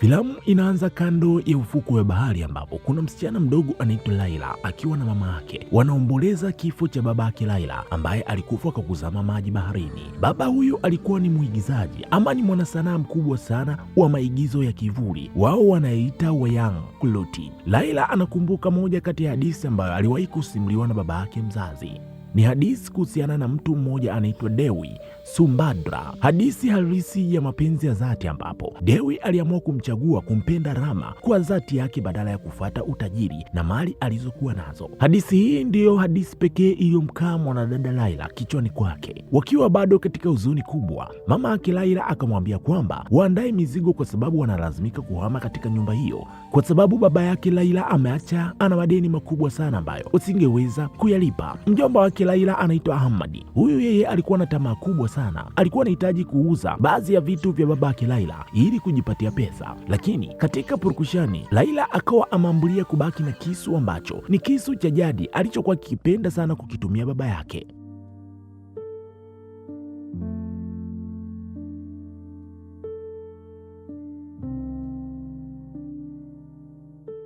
Filamu inaanza kando ya ufuku wa bahari ambapo kuna msichana mdogo anaitwa Laila akiwa na mama yake, wanaomboleza kifo cha baba yake Laila ambaye alikufa kwa kuzama maji baharini. Baba huyo alikuwa ni mwigizaji ama ni mwanasanaa mkubwa sana wa maigizo ya kivuli, wao wanaita wayang kloti Laila anakumbuka moja kati ya hadithi ambayo aliwahi kusimuliwa na baba yake mzazi ni hadithi kuhusiana na mtu mmoja anaitwa Dewi Sumbadra, hadithi halisi ya mapenzi ya dhati, ambapo Dewi aliamua kumchagua kumpenda Rama kwa dhati yake badala ya kufuata utajiri na mali alizokuwa nazo. Hadithi hii ndiyo hadithi pekee iliyomkaa mwanadada Laila kichwani kwake. Wakiwa bado katika huzuni kubwa, mama yake Laila akamwambia kwamba waandae mizigo kwa sababu wanalazimika kuhama katika nyumba hiyo kwa sababu baba yake Laila ameacha ana madeni makubwa sana ambayo usingeweza kuyalipa. Mjomba wake yake Laila anaitwa Ahmadi. Huyu yeye alikuwa na tamaa kubwa sana, alikuwa anahitaji kuuza baadhi ya vitu vya babake Laila ili kujipatia pesa, lakini katika purukushani Laila akawa amambulia kubaki na kisu ambacho ni kisu cha jadi alichokuwa kikipenda sana kukitumia baba yake.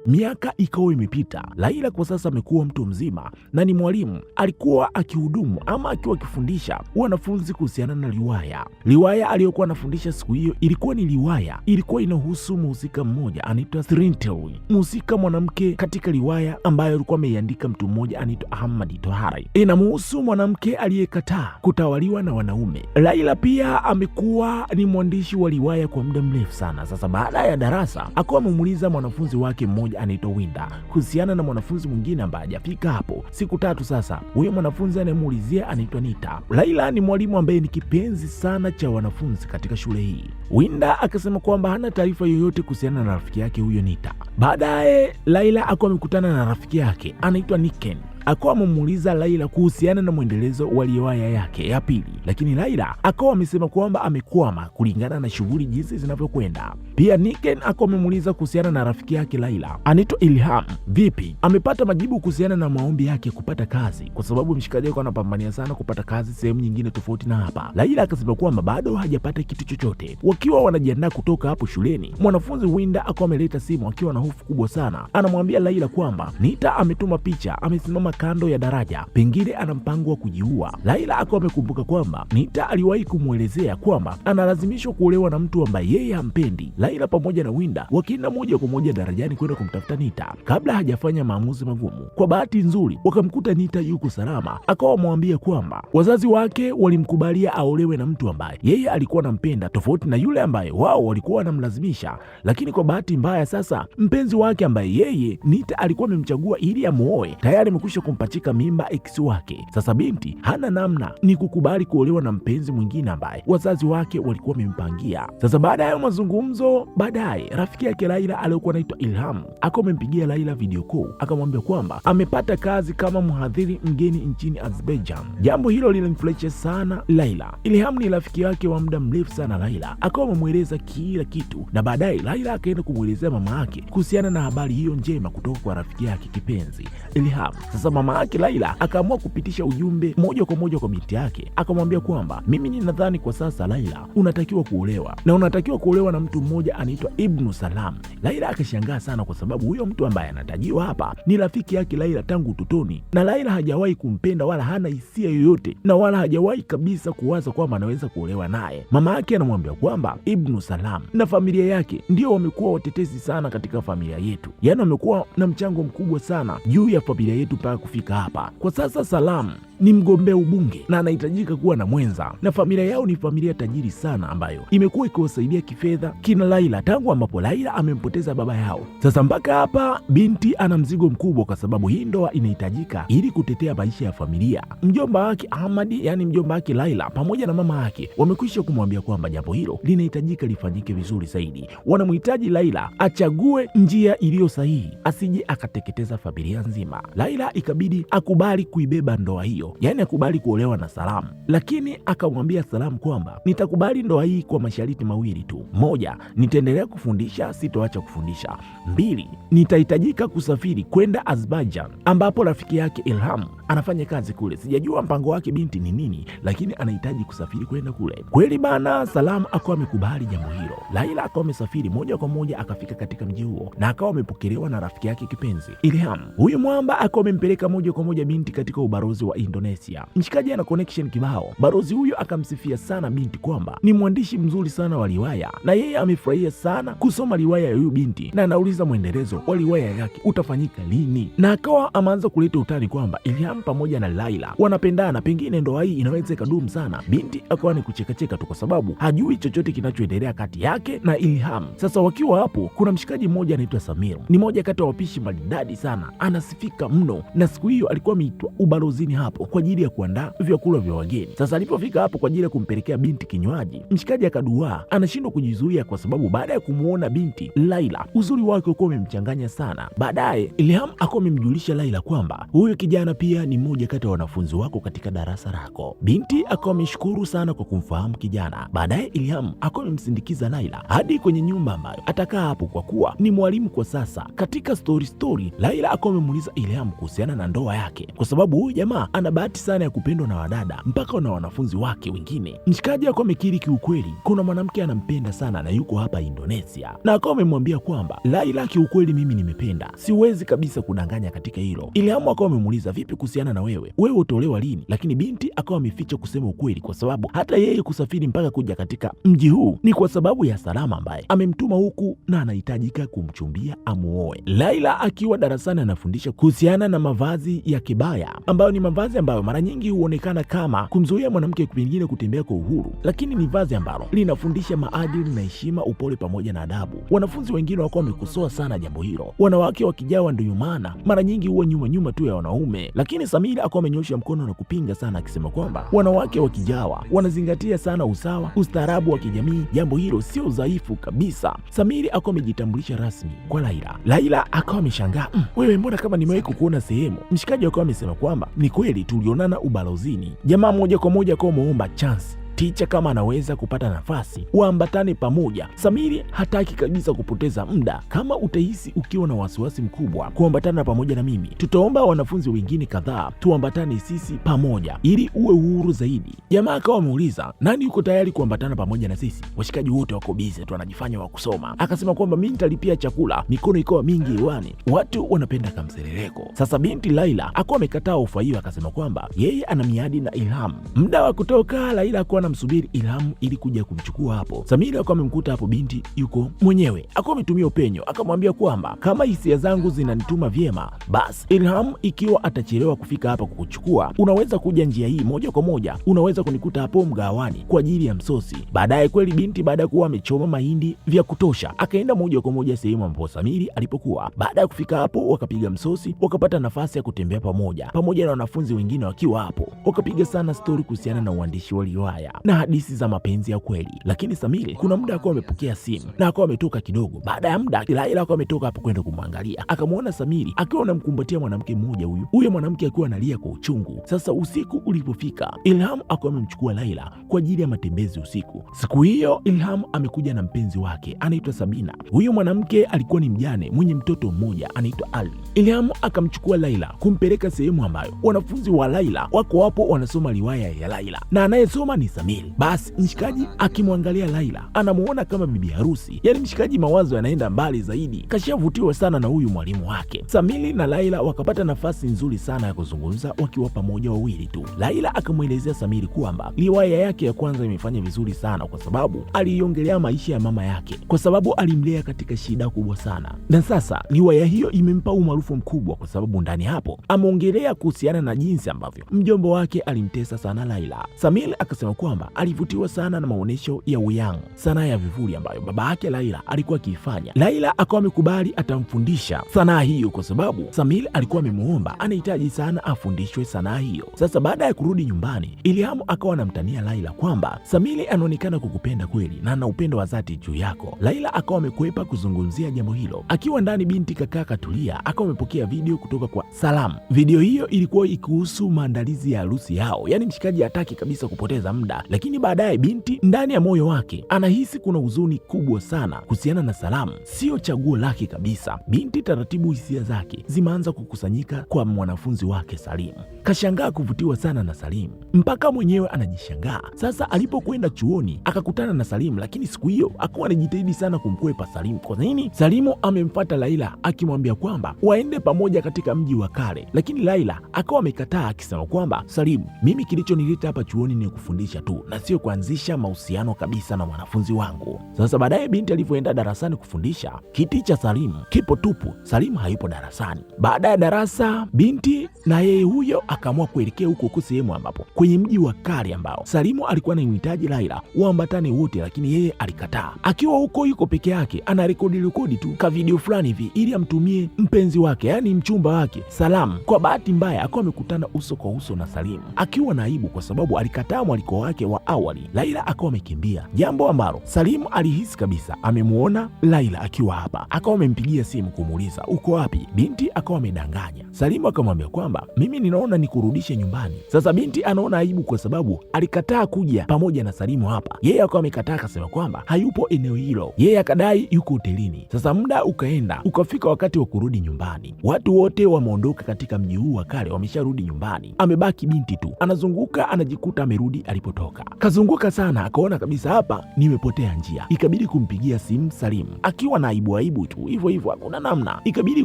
Miaka ikawa imepita, Laila kwa sasa amekuwa mtu mzima na ni mwalimu. Alikuwa akihudumu ama akiwa akifundisha wanafunzi kuhusiana na riwaya. Riwaya aliyokuwa anafundisha siku hiyo ilikuwa ni riwaya, ilikuwa inahusu mhusika mmoja anaitwa Thrintel, mhusika mwanamke katika riwaya ambayo alikuwa ameiandika mtu mmoja anaitwa Ahmadi Tohari. Inamhusu mwanamke aliyekataa kutawaliwa na wanaume. Laila pia amekuwa ni mwandishi wa riwaya kwa muda mrefu sana. Sasa baada ya darasa, akawa amemuuliza mwanafunzi wake mmoja anaitwa Winda kuhusiana na mwanafunzi mwingine ambaye hajafika hapo siku tatu sasa. Huyo mwanafunzi anayemuulizia anaitwa Nita. Laila ni mwalimu ambaye ni kipenzi sana cha wanafunzi katika shule hii. Winda akasema kwamba hana taarifa yoyote kuhusiana na rafiki yake huyo Nita. Baadaye Laila akuwa amekutana na rafiki yake anaitwa Niken akawa amemuuliza Laila kuhusiana na mwendelezo wa riwaya yake ya pili, lakini Laila akawa amesema kwamba amekwama kulingana na shughuli jinsi zinavyokwenda. Pia Niken akawa amemuuliza kuhusiana na rafiki yake Laila anaitwa Ilham, vipi amepata majibu kuhusiana na maombi yake kupata kazi, kwa sababu mshikaji wake anapambania sana kupata kazi sehemu nyingine tofauti na hapa. Laila akasema kwamba bado hajapata kitu chochote. Wakiwa wanajiandaa kutoka hapo shuleni, mwanafunzi Winda akawa ameleta simu akiwa na hofu kubwa sana, anamwambia Laila kwamba Nita ametuma picha, amesimama kando ya daraja, pengine ana mpango wa kujiua. Laila akawa amekumbuka kwamba Nita aliwahi kumwelezea kwamba analazimishwa kuolewa na mtu ambaye yeye hampendi. Laila pamoja na Winda wakienda moja kwa moja darajani kwenda kumtafuta Nita kabla hajafanya maamuzi magumu. Kwa bahati nzuri, wakamkuta Nita yuko salama, akawa amwambia kwamba wazazi wake walimkubalia aolewe na mtu ambaye yeye alikuwa anampenda tofauti na yule ambaye wao walikuwa wanamlazimisha, lakini kwa bahati mbaya sasa mpenzi wake ambaye yeye Nita alikuwa amemchagua ili amuoe tayari amekwisha kumpachika mimba ex wake. Sasa binti hana namna, ni kukubali kuolewa na mpenzi mwingine ambaye wazazi wake walikuwa wamempangia. Sasa baada ya mazungumzo, baadaye rafiki yake Laila aliyokuwa anaitwa Ilham akawa amempigia Laila video call, akamwambia kwamba amepata kazi kama mhadhiri mgeni nchini Azerbaijan. Jambo hilo lilimfurahisha sana Laila. Ilham ni rafiki yake wa muda mrefu sana Laila, akawa amemweleza kila kitu, na baadaye Laila akaenda kumwelezea mama yake kuhusiana na habari hiyo njema kutoka kwa rafiki yake kipenzi Ilham. Sasa sasa mama yake Laila akaamua kupitisha ujumbe moja kwa moja kwa binti yake, akamwambia kwamba mimi ninadhani kwa sasa Laila, unatakiwa kuolewa na unatakiwa kuolewa na mtu mmoja anaitwa Ibnu Salam. Laila akashangaa sana, kwa sababu huyo mtu ambaye anatajiwa hapa ni rafiki yake Laila tangu utotoni, na Laila hajawahi kumpenda wala hana hisia yoyote, na wala hajawahi kabisa kuwaza kwamba anaweza kuolewa naye. Mama yake anamwambia kwamba Ibnu Salam na familia yake ndio wamekuwa watetezi sana katika familia yetu, yaani wamekuwa na mchango mkubwa sana juu ya familia yetu pa kufika hapa. Kwa sasa Salamu ni mgombea ubunge na anahitajika kuwa na mwenza, na familia yao ni familia tajiri sana, ambayo imekuwa ikiwasaidia kifedha kina Laila tangu ambapo Laila amempoteza baba yao. Sasa mpaka hapa binti ana mzigo mkubwa, kwa sababu hii ndoa inahitajika ili kutetea maisha ya familia. Mjomba wake Ahmadi, yani mjomba wake Laila pamoja na mama yake wamekwisha kumwambia kwamba jambo hilo linahitajika lifanyike vizuri zaidi. Wanamhitaji Laila achague njia iliyo sahihi, asije akateketeza familia nzima. Laila ikabidi akubali kuibeba ndoa hiyo, yaani akubali kuolewa na Salamu, lakini akamwambia Salamu kwamba nitakubali ndoa hii kwa masharti mawili tu: moja, nitaendelea kufundisha, sitoacha kufundisha; mbili, nitahitajika kusafiri kwenda Azerbaijan ambapo rafiki yake ilhamu anafanya kazi kule. Sijajua mpango wake binti ni nini, lakini anahitaji kusafiri kwenda kule. Kweli bana, Salamu akawa amekubali jambo hilo. Laila akawa amesafiri moja kwa moja akafika katika mji huo na akawa amepokelewa na rafiki yake kipenzi Ilham. Huyu mwamba akawa amempeleka moja kwa moja binti katika ubalozi wa Indonesia. Mshikaji ana connection kibao. Barozi huyo akamsifia sana binti kwamba ni mwandishi mzuri sana wa riwaya na yeye amefurahia sana kusoma riwaya ya huyu binti, na anauliza mwendelezo wa riwaya yake utafanyika lini, na akawa ameanza kuleta utani kwamba Ilham Sam pamoja na Laila wanapendana, pengine ndoa hii inaweza ikadumu sana. Binti akawa ni kuchekacheka tu, kwa sababu hajui chochote kinachoendelea kati yake na Ilham. Sasa wakiwa hapo, kuna mshikaji mmoja anaitwa Samir, ni moja kati ya wapishi maridadi sana, anasifika mno, na siku hiyo alikuwa ameitwa ubalozini hapo kwa ajili ya kuandaa vyakula vya wageni. Sasa alipofika hapo kwa ajili ya kumpelekea binti kinywaji, mshikaji akaduaa, anashindwa kujizuia kwa sababu baada ya kumwona binti Laila uzuri wake ukuwa umemchanganya sana. Baadaye Ilham akawa amemjulisha Laila kwamba huyu kijana pia ni mmoja kati ya wanafunzi wako katika darasa lako. Binti akawa ameshukuru sana kwa kumfahamu kijana. Baadaye Ilham akawa amemsindikiza Laila hadi kwenye nyumba ambayo atakaa hapo kwa kuwa ni mwalimu kwa sasa. Katika story story, Laila akawa amemuuliza Ilham kuhusiana na ndoa yake, kwa sababu huyu jamaa ana bahati sana ya kupendwa na wadada mpaka na wanafunzi wake wengine. Mshikaji akawa amekiri kiukweli, kuna mwanamke anampenda sana na yuko hapa Indonesia, na akawa amemwambia kwamba Laila, kiukweli mimi nimependa, siwezi kabisa kudanganya katika hilo. Ilham akawa amemuuliza vipi kuhusu kuhusiana na wewe, wewe utolewa lini? Lakini binti akawa ameficha kusema ukweli, kwa sababu hata yeye kusafiri mpaka kuja katika mji huu ni kwa sababu ya Salama ambaye amemtuma huku na anahitajika kumchumbia amuoe. Laila akiwa darasani anafundisha kuhusiana na mavazi ya kebaya, ambayo ni mavazi ambayo mara nyingi huonekana kama kumzuia mwanamke pengine kutembea kwa uhuru, lakini ni vazi ambalo linafundisha maadili na heshima, upole pamoja na adabu. Wanafunzi wengine wakawa wamekosoa sana jambo hilo, wanawake wakijawa, ndiyo maana mara nyingi huwa nyuma nyuma tu ya wanaume, lakini Samira akawa amenyosha mkono na kupinga sana, akisema kwamba wanawake wa kijawa wanazingatia sana usawa, ustaarabu wa kijamii, jambo hilo sio udhaifu kabisa. Samiri akawa amejitambulisha rasmi kwa Laila. Laila akawa ameshangaa, mmm, wewe mbona kama nimewahi kukuona sehemu. Mshikaji akawa amesema kwamba ni kweli tulionana ubalozini. Jamaa moja kwa moja akawa ameomba chance Ticha kama anaweza kupata nafasi waambatane pamoja. Samiri hataki kabisa kupoteza muda. Kama utahisi ukiwa na wasiwasi mkubwa kuambatana pamoja na mimi, tutaomba wanafunzi wengine kadhaa tuambatane sisi pamoja ili uwe uhuru zaidi. Jamaa akawa ameuliza nani yuko tayari kuambatana pamoja na sisi. Washikaji wote wako bize tu, wanajifanya wa kusoma. Akasema kwamba mi nitalipia chakula. Mikono ikawa mingi hewani, watu wanapenda kamserereko. Sasa binti Laila akuwa amekataa ofa hiyo, akasema kwamba yeye ana miadi na Ilham muda wa kutoka. Laila akuwa anamsubiri Ilhamu ili kuja kumchukua hapo. samiri akawa amemkuta hapo binti yuko mwenyewe, akawa ametumia upenyo, akamwambia kwamba kama hisia zangu zinanituma vyema, basi Ilhamu, ikiwa atachelewa kufika hapa kukuchukua, unaweza kuja njia hii moja kwa moja, unaweza kunikuta hapo mgawani kwa ajili ya msosi. Baadaye kweli binti baada ya kuwa amechoma mahindi vya kutosha, akaenda moja kwa moja sehemu ambapo Samiri alipokuwa. Baada ya kufika hapo, wakapiga msosi, wakapata nafasi ya kutembea pamoja, pamoja na wanafunzi wengine wakiwa hapo, wakapiga sana stori kuhusiana na uandishi wa riwaya na hadithi za mapenzi ya kweli. Lakini Samiri kuna muda akawa amepokea simu na akawa ametoka kidogo. Baada ya muda Laila akawa ametoka hapo kwenda kumwangalia, akamwona Samiri akiwa anamkumbatia mwanamke mmoja huyu huyo mwanamke akiwa analia kwa uchungu. Sasa usiku ulipofika, Ilham akawa amemchukua Laila kwa ajili ya matembezi usiku. Siku hiyo Ilham amekuja na mpenzi wake anaitwa Sabina. Huyo mwanamke alikuwa ni mjane mwenye mtoto mmoja anaitwa Ali. Ilham akamchukua Laila kumpeleka sehemu ambayo wanafunzi wa Laila wako wapo wanasoma riwaya ya Laila na anayesoma ni Samiri kamili. Basi mshikaji akimwangalia Laila anamuona kama bibi harusi, yaani mshikaji mawazo yanaenda mbali zaidi, kashavutiwa sana na huyu mwalimu wake. Samili na Laila wakapata nafasi nzuri sana ya kuzungumza wakiwa pamoja wawili tu. Laila akamwelezea Samili kwamba riwaya yake ya kwanza imefanya vizuri sana kwa sababu aliiongelea maisha ya mama yake, kwa sababu alimlea katika shida kubwa sana, na sasa riwaya hiyo imempa umaarufu mkubwa, kwa sababu ndani hapo ameongelea kuhusiana na jinsi ambavyo mjombo wake alimtesa sana Laila. Samili akasema kwamba kwamba alivutiwa sana na maonyesho ya uyang, sanaa ya vivuli ambayo baba yake Laila alikuwa akiifanya. Laila akawa amekubali atamfundisha sanaa hiyo, kwa sababu Samil alikuwa amemwomba anahitaji sana afundishwe sanaa hiyo. Sasa baada ya kurudi nyumbani, Ilhamu akawa anamtania Laila kwamba Samili anaonekana kukupenda kweli na ana upendo wa dhati juu yako. Laila akawa amekwepa kuzungumzia jambo hilo. Akiwa ndani, binti kakaa katulia, akawa amepokea video kutoka kwa Salam. Video hiyo ilikuwa ikihusu maandalizi ya harusi yao, yaani mshikaji hataki kabisa kupoteza muda lakini baadaye binti ndani ya moyo wake anahisi kuna huzuni kubwa sana kuhusiana na Salamu sio chaguo lake kabisa. Binti taratibu, hisia zake zimeanza kukusanyika kwa mwanafunzi wake Salimu. Kashangaa kuvutiwa sana na Salimu mpaka mwenyewe anajishangaa. Sasa alipokwenda chuoni akakutana na Salimu, lakini siku hiyo akuwa anajitahidi sana kumkwepa Salimu. Kwa nini? Salimu amemfata Laila akimwambia kwamba waende pamoja katika mji wa kale, lakini Laila akawa amekataa akisema kwamba Salimu, mimi kilichonileta hapa chuoni ni kufundisha tu na sio kuanzisha mahusiano kabisa na mwanafunzi wangu. Sasa baadaye binti alivyoenda darasani kufundisha, kiti cha Salimu kipo tupu, Salimu hayupo darasani. Baada ya darasa, binti na yeye huyo akaamua kuelekea huko huko sehemu ambapo kwenye mji wa kale ambao Salimu alikuwa mhitaji Laila waambatane wote, lakini yeye alikataa. Akiwa huko yuko peke yake, ana rekodi rekodi tu ka video fulani hivi ili amtumie mpenzi wake, yaani mchumba wake Salamu. Kwa bahati mbaya akawa amekutana uso kwa uso na Salimu akiwa na aibu, kwa sababu alikataa mwaliko wake wake wa awali, Laila akawa amekimbia, jambo ambalo Salimu alihisi kabisa amemwona Laila akiwa hapa, akawa amempigia simu kumuuliza uko wapi. Binti akawa amedanganya. Salimu akamwambia kwamba mimi ninaona nikurudishe nyumbani. Sasa binti anaona aibu kwa sababu alikataa kuja pamoja na Salimu hapa, yeye akawa amekataa, akasema kwamba hayupo eneo hilo, yeye akadai yuko hotelini. Sasa muda ukaenda ukafika, wakati wa kurudi nyumbani, watu wote wameondoka katika mji huu wa kale, wamesharudi nyumbani, amebaki binti tu, anazunguka anajikuta amerudi alipotoka kuondoka. Kazunguka sana, akaona kabisa hapa nimepotea njia, ikabidi kumpigia simu Salimu akiwa na aibu aibu tu hivyo hivyo, hakuna namna, ikabidi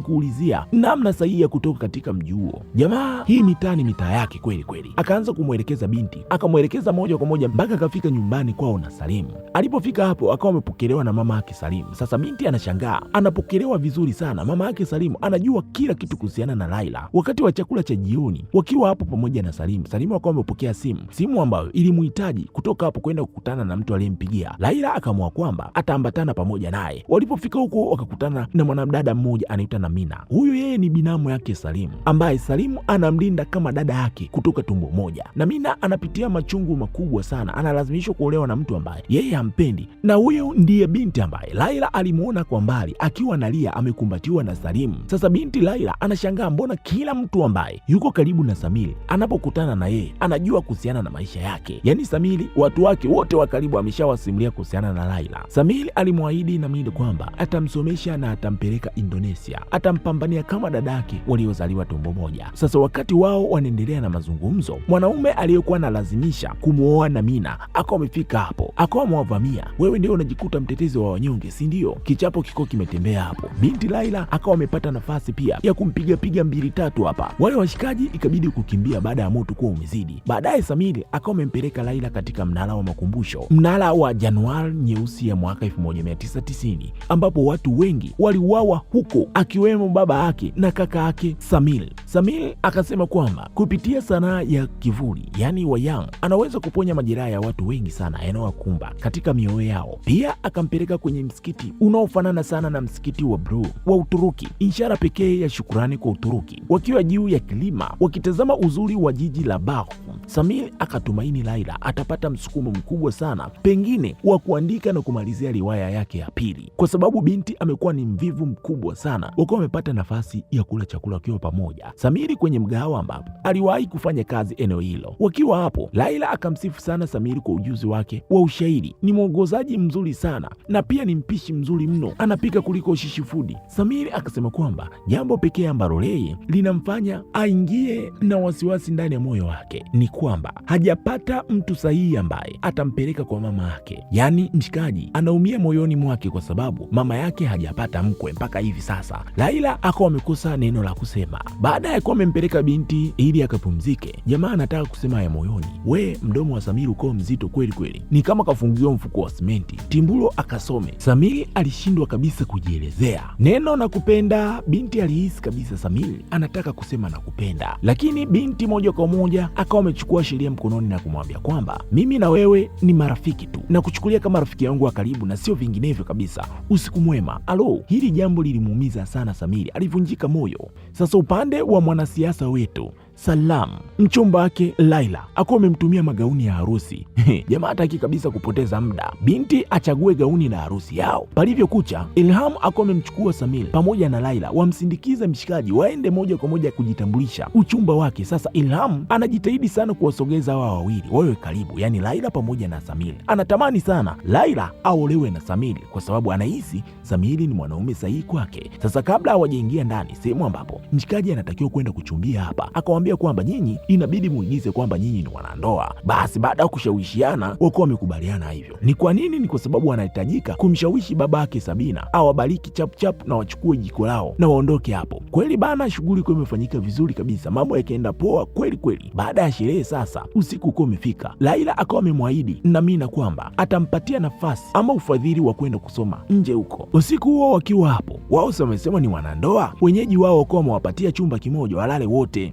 kuulizia namna sahihi ya kutoka katika mji huo. Jamaa hii mitaa ni mitaa yake kweli kweli, akaanza kumwelekeza binti, akamwelekeza moja kwa moja mpaka akafika nyumbani kwao na Salimu. Alipofika hapo, akawa amepokelewa na mama yake Salimu. Sasa binti anashangaa, anapokelewa vizuri sana. Mama yake Salimu anajua kila kitu kuhusiana na Laila. Wakati wa chakula cha jioni, wakiwa hapo pamoja na Salimu, Salimu akawa amepokea simu, simu ambayo ilimwita hitaji kutoka hapo kwenda kukutana na mtu aliyempigia. Laila akaamua kwamba ataambatana pamoja naye. Walipofika huko, wakakutana na mwanadada mmoja anaitwa Namina. Huyu yeye ni binamu yake Salimu, ambaye Salimu anamlinda kama dada yake kutoka tumbo moja. Namina anapitia machungu makubwa sana, analazimishwa kuolewa na mtu ambaye yeye hampendi, na huyu ndiye binti ambaye Laila alimuona kwa mbali akiwa analia amekumbatiwa na Salimu. Sasa binti Laila anashangaa mbona kila mtu ambaye yuko karibu na Samiri anapokutana na yeye anajua kuhusiana na maisha yake, yani lakini Samili watu wake wote wa karibu ameshawasimulia kuhusiana na Laila. Samili alimwahidi Namidi kwamba atamsomesha na atampeleka Indonesia, atampambania kama dadake waliozaliwa tumbo moja. Sasa wakati wao wanaendelea na mazungumzo, mwanaume aliyekuwa analazimisha kumwoa Namina akawa amefika hapo, akawa amewavamia. Wewe ndio unajikuta mtetezi wa wanyonge, si ndio? Kichapo kiko kimetembea hapo. Binti Laila akawa amepata nafasi pia ya kumpigapiga mbili tatu hapa. Wale washikaji ikabidi kukimbia baada ya moto kuwa umezidi. Baadaye Samili akawa amempeleka Raila katika mnara wa makumbusho, mnara wa Januari nyeusi ya mwaka 1990 ambapo watu wengi waliuawa huko, akiwemo baba yake na kaka yake Samil. Samil akasema kwamba kupitia sanaa ya kivuli, yani wayang, anaweza kuponya majeraha ya watu wengi sana yanayowakumba katika mioyo yao. Pia akampeleka kwenye msikiti unaofanana sana na msikiti wa Blue wa Uturuki, ishara pekee ya shukurani kwa Uturuki. Wakiwa juu ya kilima wakitazama uzuri wa jiji la Baku, Samil akatumaini laila atapata msukumo mkubwa sana pengine wa kuandika na kumalizia riwaya yake ya pili, kwa sababu binti amekuwa ni mvivu mkubwa sana. Wakiwa wamepata nafasi ya kula chakula wakiwa pamoja, Samiri kwenye mgahawa ambapo aliwahi kufanya kazi eneo hilo. Wakiwa hapo, Laila akamsifu sana Samiri kwa ujuzi wake wa ushairi, ni mwongozaji mzuri sana na pia ni mpishi mzuri mno, anapika kuliko shishifudi. Samiri akasema kwamba jambo pekee ambalo yeye linamfanya aingie na wasiwasi ndani ya moyo wake ni kwamba hajapata mtu sahihi ambaye atampeleka kwa mama yake. Yaani mshikaji anaumia moyoni mwake kwa sababu mama yake hajapata mkwe mpaka hivi sasa. Laila akawa amekosa neno la kusema, baada ya kuwa amempeleka binti ili akapumzike. Jamaa anataka kusema ya moyoni, we mdomo wa Samiri uko mzito kweli kweli, ni kama kafungiwa mfuko wa simenti. Timbulo akasome. Samiri alishindwa kabisa kujielezea neno na kupenda. Binti alihisi kabisa Samiri anataka kusema na kupenda, lakini binti moja kwa moja akawa amechukua sheria mkononi na kumwambia kwa kwamba mimi na wewe ni marafiki tu na kuchukulia kama rafiki yangu wa karibu na sio vinginevyo kabisa. Usiku mwema. Alo, hili jambo lilimuumiza sana Samiri, alivunjika moyo. Sasa upande wa mwanasiasa wetu Salam, mchumba wake Laila akuwa amemtumia magauni ya harusi. Jamaa hataki kabisa kupoteza muda, binti achague gauni la harusi yao. Palivyokucha, Ilham akuwa amemchukua Samil pamoja na Laila wamsindikize mshikaji waende moja kwa moja kujitambulisha uchumba wake. Sasa Ilham anajitahidi sana kuwasogeza wao wawili wawe karibu, yaani Laila pamoja na Samil. Anatamani sana Laila aolewe na Samil kwa sababu anahisi Samili ni mwanaume sahihi kwake. Sasa kabla hawajaingia ndani, sehemu ambapo mshikaji anatakiwa kwenda kuchumbia hapa, akawa akawaambia kwamba nyinyi inabidi muigize kwamba nyinyi ni wanandoa. Basi baada ya kushawishiana wakuwa wamekubaliana hivyo. Ni kwa nini? Ni kwa sababu anahitajika kumshawishi yake Sabina awabariki chapuchapu na wachukue jiko lao na waondoke hapo. Kweli bana, shughuli kuwa imefanyika vizuri kabisa, mambo yakienda poa kweli kweli. Baada ya sherehe sasa, usiku ukuwa umefika, Laila akawa amemwahidi Namina kwamba atampatia nafasi ama ufadhili wa kwenda kusoma nje huko. Usiku huo wakiwa hapo, wao wamesema ni wanandoa, wenyeji wao wakuwa wamewapatia chumba kimoja walale wote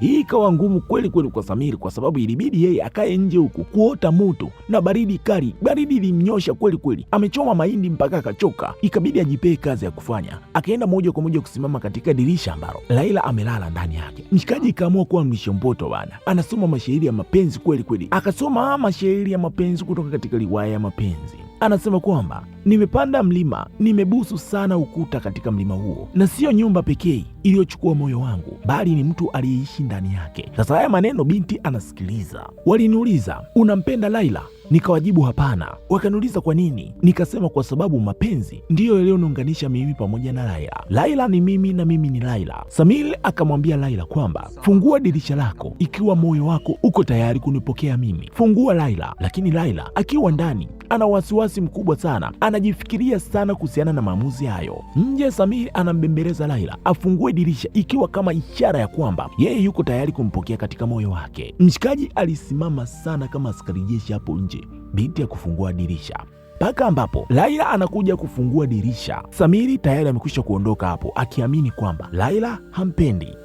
Hii ikawa ngumu kweli kweli kwa Samiri kwa sababu ilibidi yeye akae nje huku kuota moto na baridi kali. Baridi ilimnyosha kweli kweli, amechoma mahindi mpaka akachoka, ikabidi ajipee kazi ya kufanya. Akaenda moja kwa moja kusimama katika dirisha ambalo Laila amelala ndani yake. Mshikaji ikaamua kuwa mlisho mpoto bana, anasoma mashairi ya mapenzi kweli kweli, akasoma mashairi ya mapenzi kutoka katika riwaya ya mapenzi anasema kwamba nimepanda mlima, nimebusu sana ukuta katika mlima huo, na siyo nyumba pekee iliyochukua moyo wangu, bali ni mtu aliyeishi ndani yake. Sasa haya maneno binti anasikiliza. Waliniuliza, unampenda Laila? Nikawajibu hapana. Wakaniuliza kwa nini, nikasema kwa sababu mapenzi ndiyo yaliyoniunganisha mimi pamoja na Laila. Laila ni mimi na mimi ni Laila. Samir akamwambia Laila kwamba fungua dirisha lako ikiwa moyo wako uko tayari kunipokea mimi, fungua Laila. Lakini Laila akiwa ndani ana wasiwasi mkubwa sana, anajifikiria sana kuhusiana na maamuzi hayo. Nje Samir anambembeleza Laila afungue dirisha ikiwa kama ishara ya kwamba yeye yuko tayari kumpokea katika moyo wake. Mshikaji alisimama sana kama askari jeshi hapo nje matamshi binti ya kufungua dirisha mpaka ambapo Laila anakuja kufungua dirisha. Samiri tayari amekwisha kuondoka hapo, akiamini kwamba Laila hampendi.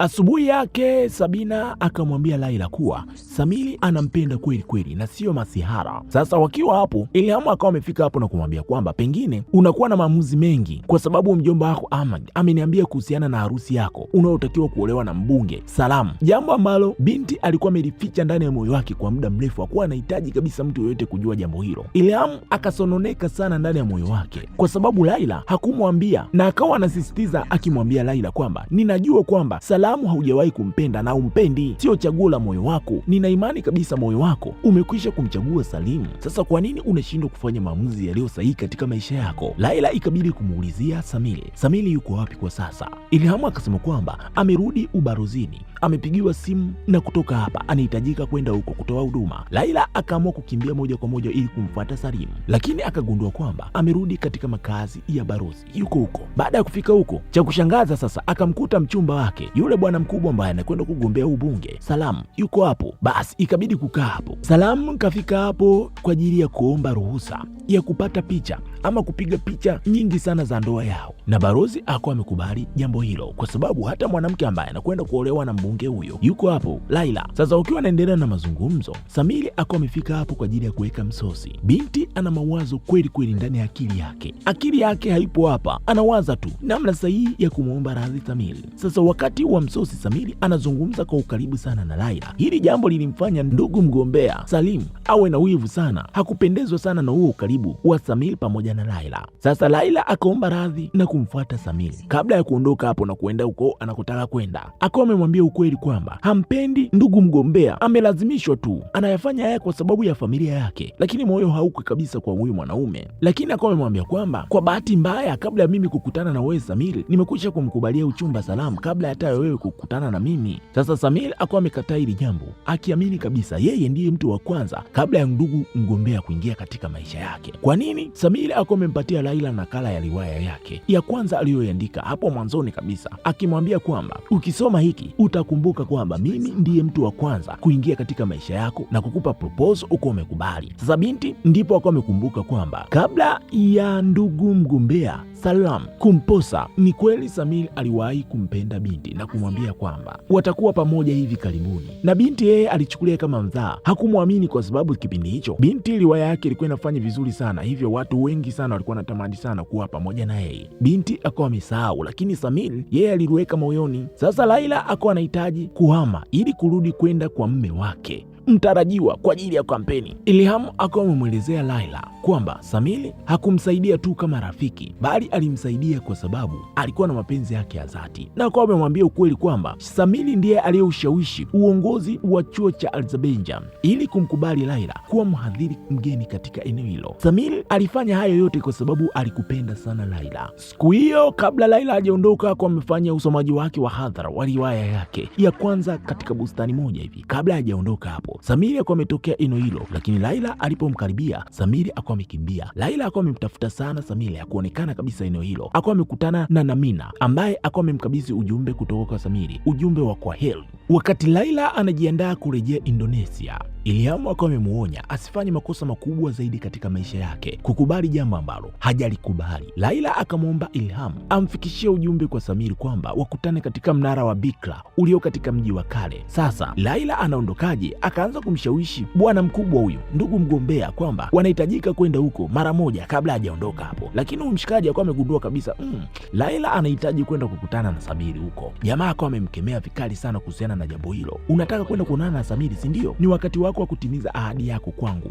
Asubuhi yake Sabina akamwambia Laila kuwa Samili anampenda kweli kweli na sio masihara. Sasa wakiwa hapo, Ilhamu akawa amefika hapo na kumwambia kwamba pengine unakuwa na maamuzi mengi kwa sababu mjomba wako Ahmad ameniambia kuhusiana na harusi yako unayotakiwa kuolewa na mbunge Salamu, jambo ambalo binti alikuwa amelificha ndani ya moyo wake kwa muda mrefu, hakuwa anahitaji kabisa mtu yoyote kujua jambo hilo. Ilhamu akasononeka sana ndani ya moyo wake kwa sababu Laila hakumwambia, na akawa anasisitiza akimwambia Laila kwamba ninajua kwamba Salamu Uislamu haujawahi kumpenda na umpendi, sio chaguo la moyo wako. Nina imani kabisa moyo wako umekwisha kumchagua Salimu. Sasa kwa nini unashindwa kufanya maamuzi yaliyo sahihi katika maisha yako? Laila ikabidi kumuulizia Samili, Samili yuko wapi kwa sasa? Ilhamu akasema kwamba amerudi ubarozini amepigiwa simu na kutoka hapa anahitajika kwenda huko kutoa huduma. Laila akaamua kukimbia moja kwa moja ili kumfuata Salim, lakini akagundua kwamba amerudi katika makazi ya Barozi, yuko huko. Baada ya kufika huko, cha kushangaza sasa akamkuta mchumba wake yule bwana mkubwa ambaye anakwenda kugombea ubunge, salamu yuko hapo. Basi ikabidi kukaa hapo. salamu kafika hapo kwa ajili ya kuomba ruhusa ya kupata picha ama kupiga picha nyingi sana za ndoa yao, na Barozi ako amekubali jambo hilo, kwa sababu hata mwanamke ambaye anakwenda kuolewa na mbunge huyo yuko hapo Laila. Sasa wakiwa anaendelea na mazungumzo, Samiri ako amefika hapo kwa ajili ya kuweka msosi. Binti ana mawazo kweli kweli ndani ya akili yake, akili yake haipo hapa, anawaza tu namna sahihi ya kumwomba radhi Samiri. Sasa wakati wa msosi, Samiri anazungumza kwa ukaribu sana na Laila. Hili jambo lilimfanya ndugu mgombea Salim awe na wivu sana, hakupendezwa sana na huo ukaribu wa Samiri pamoja na Laila. Sasa Laila akaomba radhi na kumfuata Samiri. Kabla ya kuondoka hapo na kuenda huko anakotaka kwenda, akawa amemwambia ukweli kwamba hampendi ndugu mgombea, amelazimishwa tu, anayafanya haya kwa sababu ya familia yake, lakini moyo hauko kabisa kwa huyu mwanaume. Lakini akawa amemwambia kwamba kwa bahati mbaya, kabla ya mimi kukutana na wewe Samiri, nimekwisha kumkubalia uchumba salamu kabla hata wewe kukutana na mimi. Sasa Samiri akawa amekataa hili jambo, akiamini kabisa yeye ndiye mtu wa kwanza kabla ya ndugu mgombea kuingia katika maisha yake. Kwa nini Samiri alikuwa amempatia Laila nakala ya riwaya yake ya kwanza aliyoiandika hapo mwanzoni kabisa, akimwambia kwamba ukisoma hiki utakumbuka kwamba mimi ndiye mtu wa kwanza kuingia katika maisha yako na kukupa propose uko umekubali. Sasa binti ndipo akawa amekumbuka kwamba kabla ya ndugu mgombea Salam kumposa. Ni kweli Samir aliwahi kumpenda binti na kumwambia kwamba watakuwa pamoja hivi karibuni, na binti yeye alichukulia kama mdhaa, hakumwamini kwa sababu kipindi hicho binti riwaya yake ilikuwa inafanya vizuri sana, hivyo watu wengi sana walikuwa wanatamani sana kuwa pamoja na yeye. Binti akawa amesahau, lakini Samir yeye aliliweka moyoni. Sasa Laila akawa anahitaji kuhama ili kurudi kwenda kwa mme wake mtarajiwa kwa ajili ya kampeni. Ilham akawa amemwelezea Laila kwamba Samili hakumsaidia tu kama rafiki, bali alimsaidia kwa sababu alikuwa na mapenzi yake ya dhati, na akawa amemwambia ukweli kwamba Samili ndiye aliyeushawishi uongozi wa chuo cha Alzabenja ili kumkubali Laila kuwa mhadhiri mgeni katika eneo hilo. Samili alifanya hayo yote kwa sababu alikupenda sana Laila. Siku hiyo kabla Laila hajaondoka, kwa amefanya usomaji wake wa hadhara wa riwaya yake ya kwanza katika bustani moja hivi kabla hajaondoka hapo Samiri akuwa ametokea eneo hilo, lakini Laila alipomkaribia Samiri akuwa amekimbia. Laila akuwa amemtafuta sana Samiri, hakuonekana kabisa eneo hilo. Akuwa amekutana na Namina ambaye akuwa amemkabidhi ujumbe kutoka kwa Samiri, ujumbe wa kwa heri. Wakati Laila anajiandaa kurejea Indonesia, Iliamu akawa amemuonya asifanye makosa makubwa zaidi katika maisha yake, kukubali jambo ambalo hajalikubali. Laila akamwomba ilham amfikishie ujumbe kwa Samiri kwamba wakutane katika mnara wa Bikra ulio katika mji wa kale. Sasa Laila anaondokaje? Akaanza kumshawishi bwana mkubwa huyu, ndugu mgombea, kwamba wanahitajika kwenda huko mara moja kabla hajaondoka hapo. Lakini huyu mshikaji akawa amegundua kabisa, mm, Laila anahitaji kwenda kukutana na Samiri huko. Jamaa akawa amemkemea vikali sana kuhusiana na jambo hilo. Unataka kwenda kuonana na Samiri, si ndio? Ni wakati wako kwa kutimiza ahadi yako kwangu.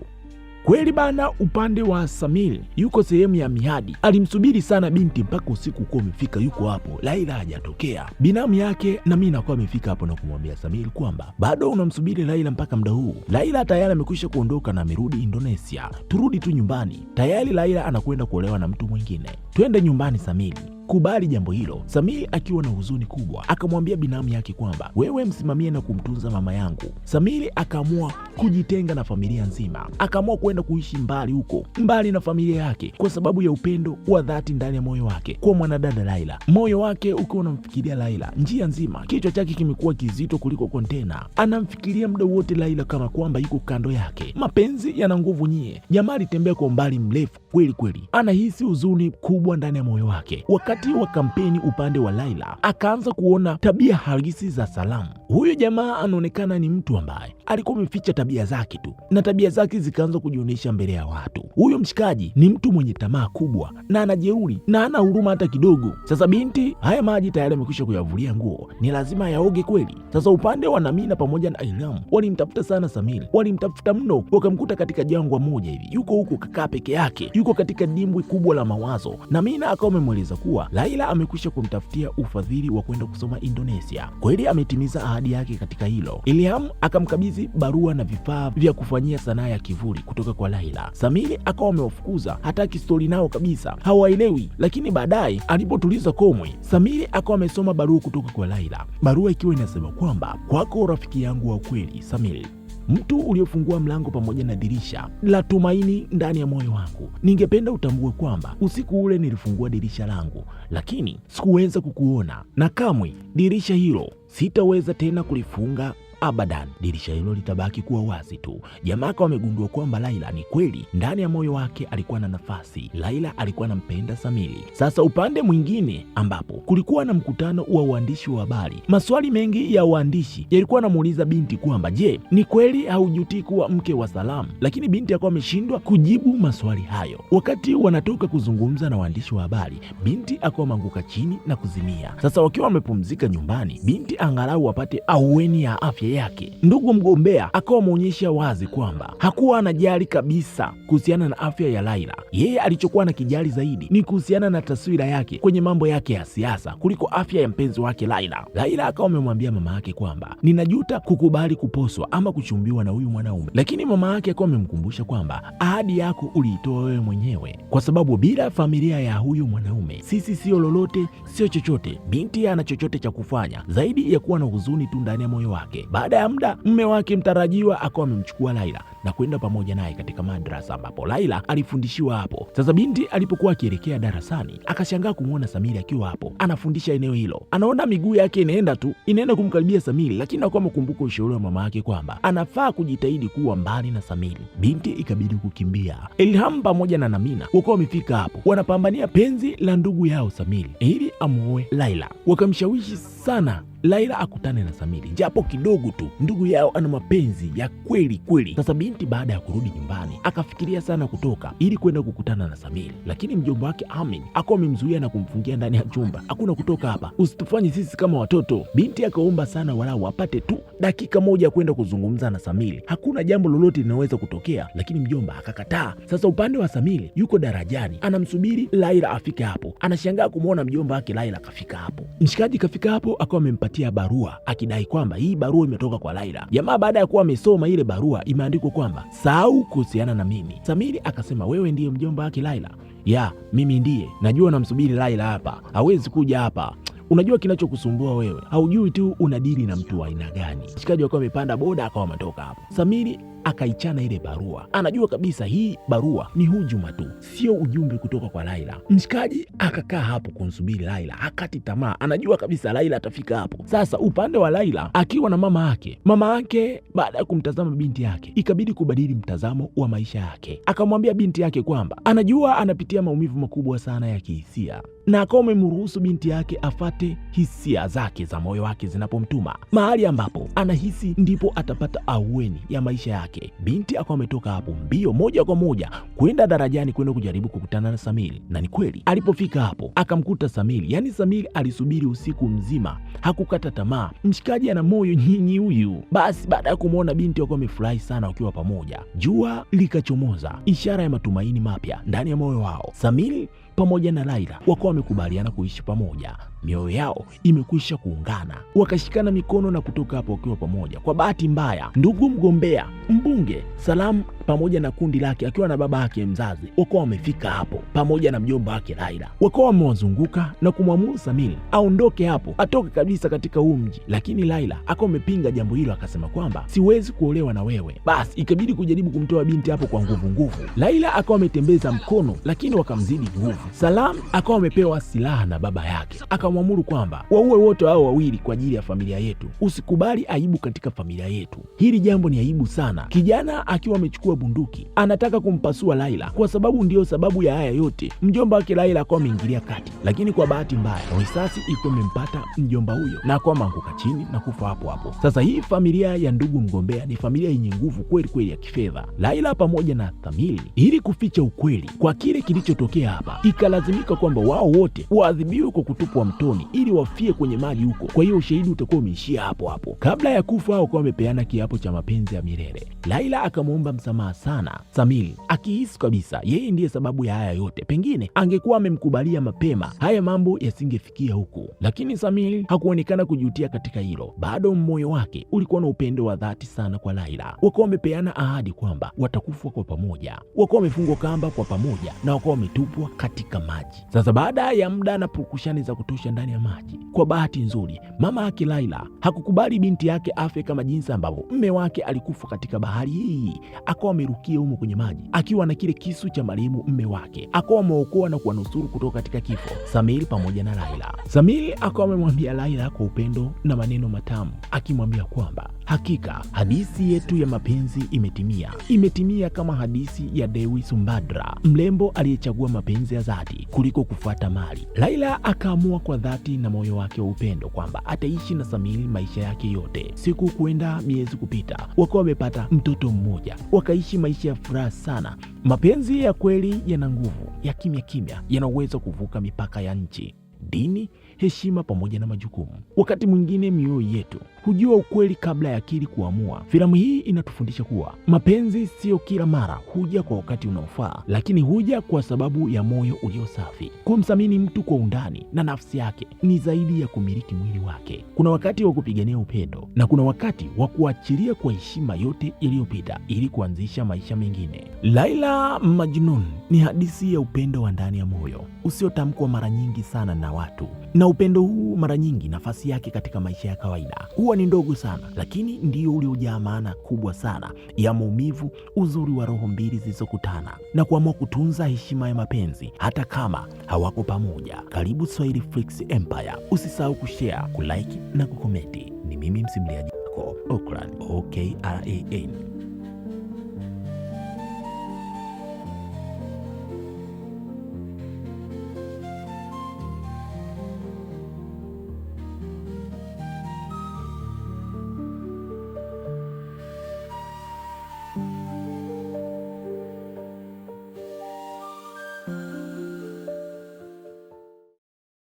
Kweli bana, upande wa Samir yuko sehemu ya miadi. Alimsubiri sana binti mpaka usiku ukuwa umefika, yuko hapo, Laila hajatokea. Binamu yake na mimi nakuwa amefika hapo na kumwambia Samir kwamba bado unamsubiri Laila mpaka muda huu. Laila tayari amekwisha kuondoka na amerudi Indonesia. Turudi tu nyumbani, tayari Laila anakwenda kuolewa na mtu mwingine. Twende nyumbani samili kubali jambo hilo. Samir akiwa na huzuni kubwa akamwambia binamu yake kwamba wewe msimamie na kumtunza mama yangu. Samiri akaamua kujitenga na familia nzima, akaamua kwenda kuishi mbali huko, mbali na familia yake, kwa sababu ya upendo wa dhati ndani ya moyo wake kwa mwanadada Laila, moyo wake ukiwa unamfikiria Laila njia nzima. Kichwa chake kimekuwa kizito kuliko kontena, anamfikiria muda wote Laila kama kwamba yuko kando yake. Mapenzi yana nguvu nyie, jamaa alitembea kwa umbali mrefu kweli kweli. Anahisi huzuni kubwa ndani ya moyo wake. Wakati wa kampeni upande wa Laila akaanza kuona tabia halisi za Salamu. Huyu jamaa anaonekana ni mtu ambaye alikuwa ameficha tabia zake tu, na tabia zake zikaanza kujionyesha mbele ya watu. Huyu mshikaji ni mtu mwenye tamaa kubwa na anajeuri na ana huruma hata kidogo. Sasa binti, haya maji tayari amekwisha kuyavulia nguo, ni lazima yaoge kweli. Sasa upande wa Namina pamoja na Ainam walimtafuta sana Samiri, walimtafuta mno, wakamkuta katika jangwa moja hivi, yuko huko kakaa peke yake yuko yuko katika dimbwi kubwa la mawazo, na Mina akawa amemweleza kuwa Laila amekwisha kumtafutia ufadhili wa kwenda kusoma Indonesia. Kweli ametimiza ahadi yake katika hilo. Ilham akamkabidhi barua na vifaa vya kufanyia sanaa ya kivuli kutoka kwa Laila. Samiri akawa amewafukuza, hataki stori nao kabisa, hawaelewi. Lakini baadaye alipotuliza Komwe, Samiri akawa amesoma barua kutoka kwa Laila, barua ikiwa inasema kwamba kwako rafiki yangu wa kweli Samiri mtu uliofungua mlango pamoja na dirisha la tumaini ndani ya moyo wangu. Ningependa utambue kwamba usiku ule nilifungua dirisha langu, lakini sikuweza kukuona, na kamwe dirisha hilo sitaweza tena kulifunga abadan, dirisha hilo litabaki kuwa wazi tu. Jamaka wamegundua kwamba Laila ni kweli ndani ya moyo wake alikuwa na nafasi, Laila alikuwa anampenda Samili. Sasa upande mwingine ambapo kulikuwa na mkutano wa uandishi wa habari, maswali mengi ya uandishi yalikuwa anamuuliza binti kwamba je, ni kweli haujutii kuwa mke wa Salamu? Lakini binti akuwa ameshindwa kujibu maswali hayo. Wakati wanatoka kuzungumza na waandishi wa habari, binti akawa manguka chini na kuzimia. Sasa wakiwa wamepumzika nyumbani, binti angalau wapate aueni ya afya peke yake. Ndugu mgombea akawa ameonyesha wazi kwamba hakuwa anajali kabisa kuhusiana na afya ya Laila. Yeye alichokuwa na kijali zaidi ni kuhusiana na taswira yake kwenye mambo yake ya siasa kuliko afya ya mpenzi wake Laila. Laila akawa amemwambia mama yake kwamba ninajuta kukubali kuposwa ama kuchumbiwa na huyu mwanaume, lakini mama yake akawa amemkumbusha kwamba ahadi yako uliitoa wewe mwenyewe, kwa sababu bila familia ya huyu mwanaume sisi sio lolote, sio chochote. Binti ana chochote cha kufanya zaidi ya kuwa na huzuni tu ndani ya moyo wake. Baada ya muda, mme wake mtarajiwa akawa amemchukua Laila na kwenda pamoja naye katika madrasa ambapo Laila alifundishiwa hapo. Sasa binti alipokuwa akielekea darasani akashangaa kumwona Samiri akiwa hapo anafundisha eneo hilo. Anaona miguu yake inaenda tu inaenda kumkaribia Samiri, lakini akuwa amekumbuka ushauri wa mama yake kwamba anafaa kujitahidi kuwa mbali na Samiri. Binti ikabidi kukimbia. Ilham pamoja na Namina wakuwa wamefika hapo, wanapambania penzi la ndugu yao Samiri ili amuoe Laila. Wakamshawishi sana Laila akutane na Samiri japo kidogo tu, ndugu yao ana mapenzi ya kweli kweli. Sasa binti Binti baada ya kurudi nyumbani akafikiria sana kutoka ili kwenda kukutana na Samiri, lakini mjomba wake Amin akuwa amemzuia na kumfungia ndani ya chumba. Hakuna kutoka hapa, usitufanye sisi kama watoto. Binti akaomba sana walau apate tu dakika moja ya kwenda kuzungumza na Samiri, hakuna jambo lolote linaweza kutokea, lakini mjomba akakataa. Sasa upande wa Samiri yuko darajani anamsubiri Laila afike hapo, anashangaa kumwona mjomba wake Laila kafika hapo. Mshikaji kafika hapo akawa amempatia barua akidai kwamba hii barua imetoka kwa Laila. Jamaa baada ya kuwa amesoma ile barua imeandikwa kwa kwamba sahau kuhusiana na mimi. Samiri akasema wewe ndiye mjomba wake Laila? Ya, mimi ndiye. Najua namsubiri Laila hapa, hawezi kuja hapa Unajua kinachokusumbua wewe, haujui tu unadili na mtu wa aina gani. shikaji wakawa amepanda boda akawa ametoka hapo. Samiri akaichana ile barua. Anajua kabisa hii barua ni hujuma tu, sio ujumbe kutoka kwa Laila. Mshikaji akakaa hapo kumsubiri Laila, hakati tamaa, anajua kabisa Laila atafika hapo. Sasa upande wa Laila akiwa na mama yake, mama yake baada ya kumtazama binti yake ikabidi kubadili mtazamo wa maisha yake, akamwambia binti yake kwamba anajua anapitia maumivu makubwa sana ya kihisia na akawa umemruhusu binti yake afate hisia zake za moyo wake zinapomtuma mahali ambapo anahisi ndipo atapata ahueni ya maisha yake yake. Binti akawa ametoka hapo mbio moja kwa moja kwenda darajani kwenda kujaribu kukutana na samili na ni kweli alipofika hapo akamkuta samili Yaani Samili alisubiri usiku mzima, hakukata tamaa. Mshikaji ana moyo nyinyi huyu. Basi baada ya kumwona binti akawa wamefurahi sana wakiwa pamoja. Jua likachomoza, ishara ya matumaini mapya ndani ya moyo wao. samili pamoja na Laila wakawa wamekubaliana kuishi pamoja mioyo yao imekwisha kuungana, wakashikana mikono na kutoka hapo wakiwa pamoja. Kwa bahati mbaya, ndugu mgombea mbunge Salamu pamoja na kundi lake akiwa na baba yake mzazi wakawa wamefika hapo pamoja na mjomba wake Raila, wakawa wamewazunguka na kumwamuru Samili aondoke hapo, atoke kabisa katika huu mji, lakini Laila akawa amepinga jambo hilo, akasema kwamba siwezi kuolewa na wewe. Basi ikabidi kujaribu kumtoa binti hapo kwa nguvu nguvu. Laila akawa ametembeza mkono, lakini wakamzidi nguvu. Salamu akawa amepewa silaha na baba yake aka tunamwamuru kwamba waue wote hao wawili kwa ajili ya familia yetu. Usikubali aibu katika familia yetu. Hili jambo ni aibu sana. Kijana akiwa amechukua bunduki anataka kumpasua Laila kwa sababu ndiyo sababu ya haya yote. Mjomba wake Laila akawa ameingilia kati, lakini kwa bahati mbaya risasi ilikuwa imempata mjomba huyo na akawa maanguka chini na kufa hapo hapo. Sasa hii familia ya ndugu mgombea ni familia yenye nguvu kweli kweli ya kifedha. Laila pamoja na Thamili, ili kuficha ukweli kwa kile kilichotokea hapa, ikalazimika kwamba wao wote waadhibiwe kwa kutupwa motoni ili wafie kwenye maji huko. Kwa hiyo ushahidi utakuwa umeishia hapo hapo. Kabla ya kufa, hao kwa wamepeana kiapo cha mapenzi ya milele. Laila akamwomba msamaha sana Samili, akihisi kabisa yeye ndiye sababu ya haya yote. Pengine angekuwa amemkubalia mapema, haya mambo yasingefikia huku, lakini Samili hakuonekana kujutia katika hilo. Bado moyo wake ulikuwa na upendo wa dhati sana kwa Laila. Wakawa wamepeana ahadi kwamba watakufa kwa pamoja, wakawa wamefungwa kamba kwa pamoja na wakawa wametupwa katika maji. Sasa baada ya muda na purukushani za kutosha maisha ndani ya maji. Kwa bahati nzuri, mama yake Laila hakukubali binti yake afe kama jinsi ambavyo mme wake alikufa katika bahari hii, akawa amerukia humo kwenye maji akiwa na kile kisu cha marehemu mme wake, akawa ameokoa na kuwanusuru kutoka katika kifo Samir pamoja na Laila. Samir akawa amemwambia Laila kwa upendo na maneno matamu, akimwambia kwamba hakika hadithi yetu ya mapenzi imetimia, imetimia kama hadithi ya Dewi Sumbadra, mrembo aliyechagua mapenzi ya dhati kuliko kufuata mali. Laila akaamua kwa dhati na moyo wake wa upendo kwamba ataishi na Samili maisha yake yote. Siku kuenda miezi kupita, wakawa wamepata mtoto mmoja, wakaishi maisha ya furaha sana. Mapenzi ya kweli yana nguvu ya kimya kimya, yanaweza kuvuka mipaka ya nchi, dini, heshima pamoja na majukumu. Wakati mwingine mioyo yetu hujua ukweli kabla ya akili kuamua. Filamu hii inatufundisha kuwa mapenzi siyo kila mara huja kwa wakati unaofaa, lakini huja kwa sababu ya moyo ulio safi. Kumthamini mtu kwa undani na nafsi yake ni zaidi ya kumiliki mwili wake. Kuna wakati wa kupigania upendo na kuna wakati wa kuachilia kwa heshima yote iliyopita ili kuanzisha maisha mengine. Laila Majnun ni hadithi ya upendo wa ndani ya moyo usiotamkwa mara nyingi sana na watu, na upendo huu mara nyingi nafasi yake katika maisha ya kawaida huwa ni ndogo sana, lakini ndio uliojaa maana kubwa sana ya maumivu, uzuri wa roho mbili zilizokutana na kuamua kutunza heshima ya mapenzi hata kama hawako pamoja. Karibu Swahili Flix Empire, usisahau kushare, kulike na kukomenti. Ni mimi msimuliaji wako Okran OKRAN.